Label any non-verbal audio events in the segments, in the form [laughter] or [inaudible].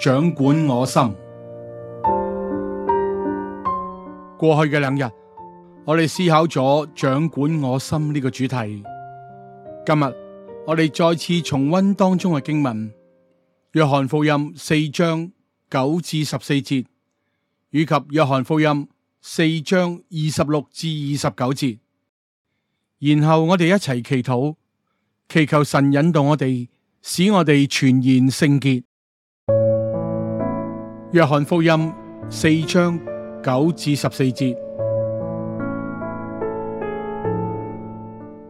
掌管我心。過去嘅兩日，我哋思考咗掌管我心呢個主題。今日我哋再次重溫當中嘅經文《約翰福音》四章九至十四節，以及《約翰福音》四章二十六至二十九節。然後我哋一齊祈禱，祈求神引導我哋，使我哋全然聖潔。約翰福音四章九至十四節，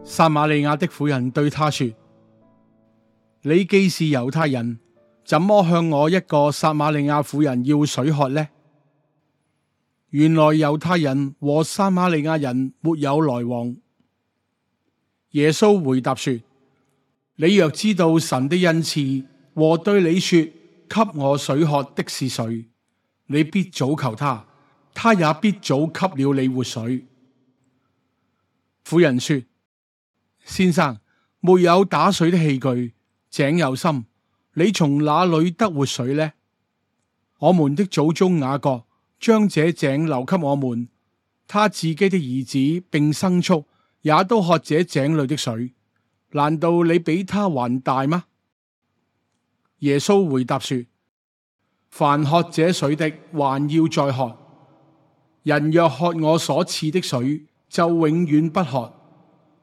撒瑪利亞的婦人對他說：你既是猶太人，怎麼向我一個撒瑪利亞婦人要水喝呢？原來猶太人和撒瑪利亞人沒有來往。耶穌回答說：你若知道神的恩賜和對你說。給我水喝的是誰，你必早求他，他也必早給了你活水。婦人說：先生，沒有打水的器具，井又深，你從哪裏得活水呢？我們的祖宗雅各將這井留給我們，他自己的兒子并牲畜也都喝這井裏的水。難道你比他還大嗎？耶穌回答說：凡喝這水的，還要再喝；人若喝我所賜的水，就永遠不渴。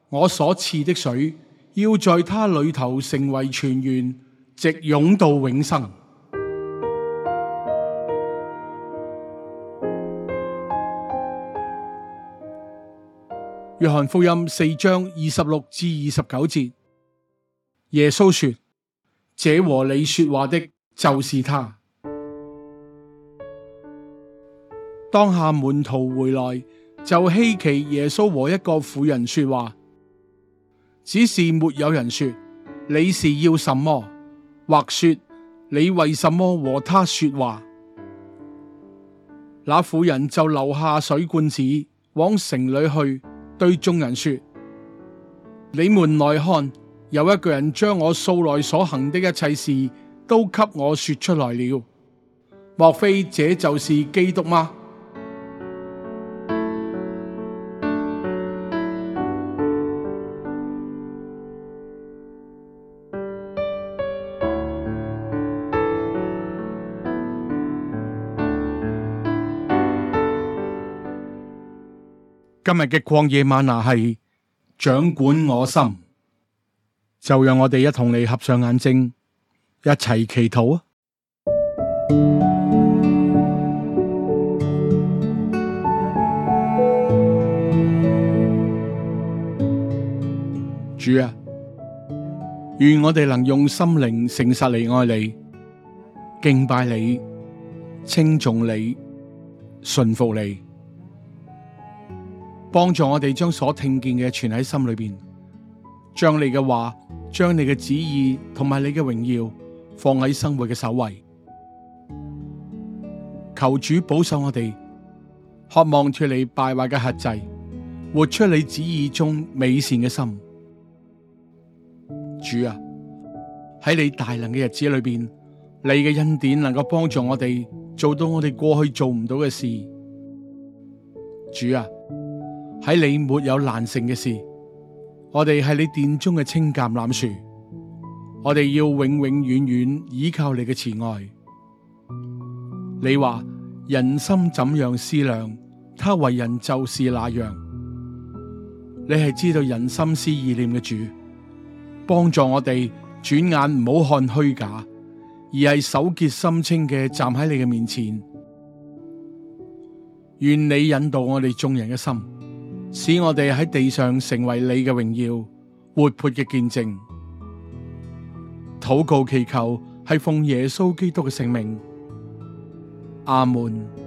我所賜的水，要在他裏頭成為泉源，直湧到永生。約翰 [music] 福音四章二十六至二十九節，耶穌說。這和你說話的，就是他。當下門徒回來，就希奇耶穌和一個婦人說話，只是沒有人說你是要什麼，或說你為什麼和他說話。那婦人就留下水罐子，往城裡去，對眾人說：你們來看。有一個人將我素來所行的一切事都給我說出來了，莫非這就是基督嗎？今日嘅曠野嗎哪係掌管我心。就讓我哋一同你合上眼睛，一齊祈禱啊！主啊，願我哋能用心靈誠實嚟愛你，敬拜你，尊重你，信服你，幫助我哋將所聽見嘅存喺心裏邊，將你嘅話。將你嘅旨意同埋你嘅榮耀放喺生活嘅首位，求主保守我哋，渴望脫離敗壞嘅轄制，活出你旨意中美善嘅心。主啊，喺你大能嘅日子裏邊，你嘅恩典能夠幫助我哋做到我哋過去做唔到嘅事。主啊，喺你沒有難成嘅事。我哋係你殿中嘅青橄欖樹，我哋要永永遠遠倚倚靠你嘅慈愛。你話人心怎樣思量，他為人就是那樣。你係知道人心思意念嘅主，幫助我哋轉眼唔好看虛假，而係手潔心清嘅站喺你嘅面前。願你引導我哋眾人嘅心。使我哋喺地上成為你嘅榮耀、活潑嘅見證。禱告祈求係奉耶穌基督嘅聖名。阿門。